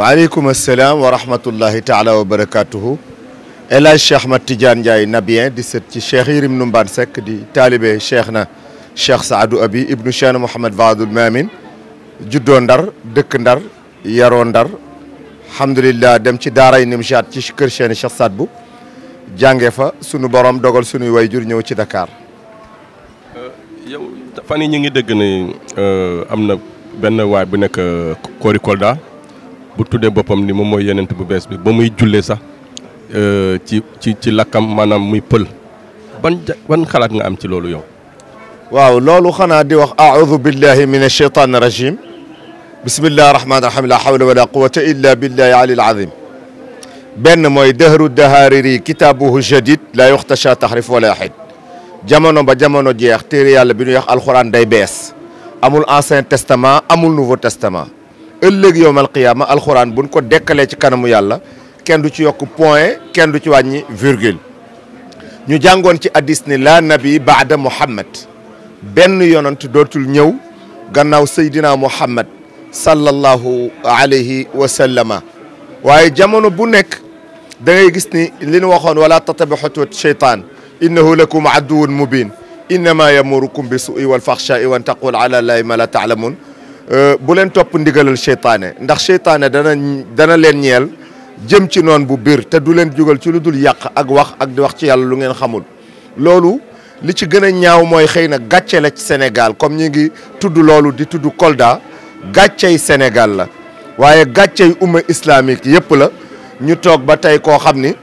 waaleykum assalaam wa rahmatullahi taala wa barakatuhu El Hadj Cheikh Ahmed Tidiane Ndiaye Nabien di sët ci Cheikh Yirim Numban Seck di taalibe cheikh na Cheikh Saadou Abi ibnu Cheikh Mouhamed Vaadul Maamin juddoo ndar dëkk ndar yaroo ndar alhamdulillah dem ci daaray Nimjaat ci kër Cheikh Cheikh Sadbu jànge fa sunu borom dogal sunuy jur ñëw ci dakaar euh, yow fan yi ñu ngi dégg ne euh, am na waay bu nekk Kori Kolda. bu tuddee boppam ni moom mooy yonent bu bees bi ba muy jullee sax euh, ci lakkam maanaam muy pël ban xalaat nga am ci loolu yow waaw loolu xanaa di wax aoudu billahi min alcheytan rajim bismillahi rahmani la hawla wala quwata illa billahi alil azim benn mooy dëhru dahaariri kitaabuhu jadid la yuxtasha tahrif wala xid jamono ba jamono jeex téere yàlla bi ñuy wax alxuraan day bees amul ancien testament amul nouveau testament ëllëg yowmal qiyaama alxuraan buñ ko dekkalee ci kanamu yàlla kenn du ci yokk point kenn du ci wàññi virgule ñu jàngoon ci addis ni la nabi baada muhammad benn yonant dootul ñëw gannaaw seydina muhammad sallallahu alayhi wa waaye jamono bu nekk da ngay gis ni li ñu waxoon wala tatabi xutuwat cheytaan innahu lakum aduwun mubin innama yamurukum bi su'i wal faxsha'i wa an taqul ala llahi ma la taalamun Euh, bu leen topp ndigalal seytaane ndax seytaane dana dana leen ñeel jëm ci noon bu biir te du leen jugal ci lu dul yàq ak wax ak di wax ci yàlla lu ngeen xamul loolu li ci gën a ñaaw mooy xëy na gàcce la ci Sénégal comme ñu ngi tudd loolu di tudd Kolda gàccey Sénégal la waaye gàccey umma islamique yëpp la ñu toog ba tey koo xam ni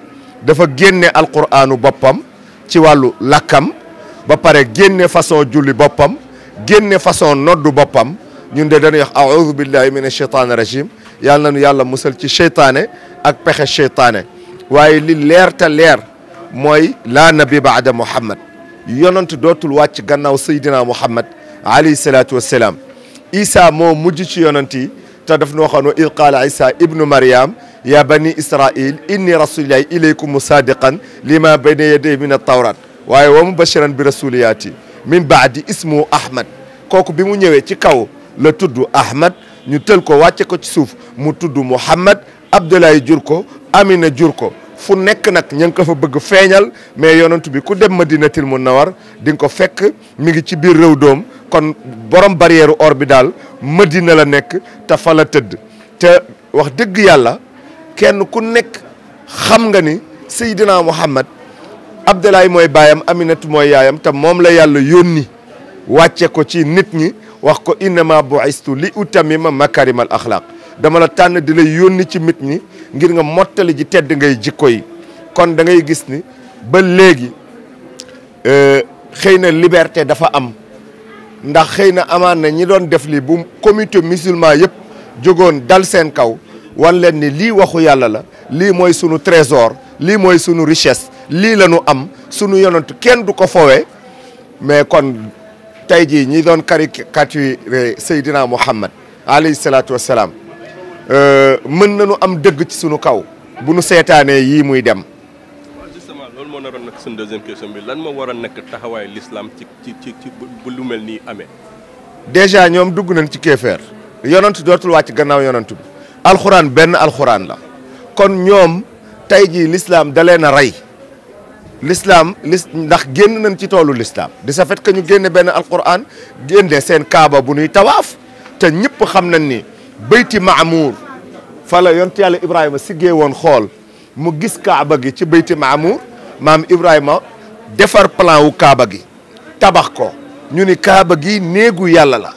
dafa génne alquraanu boppam ci wàllu làkkam ba pare génne façon julli boppam génne façon noddu boppam ñun de dañuy wax aoudu billahi min asheytaani rajim yàlla nañu yàlla musal ci seytaane ak pexe seytaane waaye li leer te leer mooy laa nabi baada muhammad yonant dootul wàcc gannaaw saydina muhammad alayhi salaatu wassalaam isa moo mujj ci yonant yi te daf noo xam ne id qaala isa ibnu mariam ya bani israil inni rasulillahi ilaykum musaadiqan lima bayna yaday min at-tawrat waaye wa mubashiran bi rasuliyaati min baadi ismu ahmad kooku bi mu ñëwee ci kaw la tudd Ahmad ñu tël ko wàcce ko ci suuf mu tudd Mouhamad Abdoulaye jur ko Amina jur ko fu nekk nag ña ngi ko fa bëgg feeñal mais yonent bi ku dem Madinatul Munawwar di nga ko fekk mi ngi ci biir réew doom kon borom barrière or bi daal Madina la nekk te fa la tëdd te wax dëgg yàlla kenn ku nekk xam nga ni Seydina Mouhamad Abdoulaye mooy baayam Aminatu mooy yaayam te moom la yàlla yónni wàcce ko ci nit ñi wax ko innama bu'istu li utamima makarimal axlaq dama la tànn di la yónni ci mit ñi ngir nga mottali ji tedd ngay jikko yi kon da ngay gis ni ba léegi euh, xëy na liberté dafa am ndax xëy na amaan na ñi doon def lii bu comité musulman yëpp jógoon dal seen kaw wan leen ni lii waxu yàlla la lii mooy sunu trésor lii mooy sunu richesse lii la ñu am sunu yonent kenn du ko fowe mais kon tey jii ñi doon caricature Seydina Mouhammad alayhi salaatu wassalaam euh, mën nañu am dëgg ci sunu kaw bu nu seetaanee yii muy dem justement loolu moo naroon nag suñu deuxième question bi lan moo war a nekk taxawaayu l'islam ci bu lu mel nii amee dèjà ñoom dugg nañ ci kéefeer yonent dootul waat ci gannaaw yonent bi alxuraan benn alxuraan la kon ñoom tey jii lislaam da na a rey l'islam lis ndax génn nañ ci toolu l'islam de ce fait que ñu génne benn alquran génne seen kaaba bu ñuy tawaaf te ñëpp xam nañ ni bayti maamuur fala la yont yàlla ibrahima siggee woon xool mu gis kaaba gi ci bayti maamuur maam ibrahima defar plan wu kaaba gi tabax ko ñu ni kaaba gi néegu yàlla la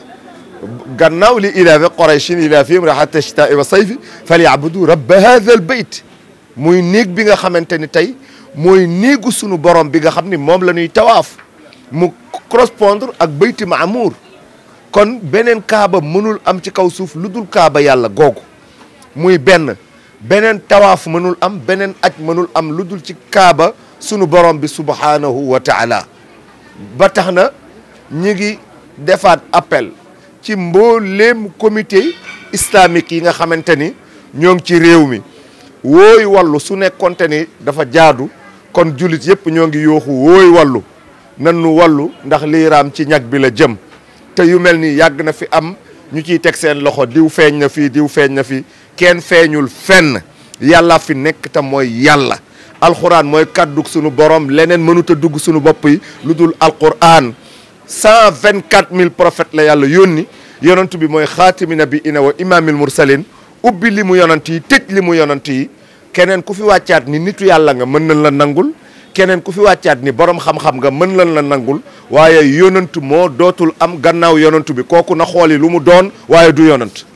gannaaw li ilaafi qurayshin ilaafihim raxata shitaa'i wa sayfi falyabudu rabba haadha al bayt muy néeg bi nga xamante ni tey mooy néegu sunu borom bi nga xam ni moom la ñuy tawaaf mu correspondre ak bayti maamuur kon beneen kaaba mënul am ci kaw suuf lu dul kaaba yàlla googu muy benn beneen tawaaf mënul am beneen aj mënul am lu dul ci kaaba sunu borom bi subhaanahu wa taala ba tax na ñi ngi defaat appel ci mbooleem comité islamique yi nga xamante ni ñoo ngi ci réew mi wooyu wàllu su nekkonte ni dafa jaadu kon julit yëpp ñoo ngi yooxu wooy wàllu nan nu wàllu ndax lii ci ñag bi la jëm te yu mel ni yàgg na fi am ñu ciy teg seen loxo diw feeñ na fii diw feeñ na fii kenn feeñul fenn yàlla fi nekk te mooy yàlla alxuraan mooy kàddug sunu borom leneen mënut dugg sunu bopp yi lu dul alxuraan cent vingt quatre mille prophètes la yàlla ni yonent bi mooy xaatimi nabi ina wa imaamil mursalin ubbi li mu yonant yi tëj li mu yonant yi keneen ku fi wàccaat ni nitu yàlla nga mën nañ la nangul keneen ku fi wàccaat ni borom xam-xam nga mën lan la nangul waaye yonantu moo dootul am gannaaw yonantu bi kooku na xooli lu mu doon waaye du yonant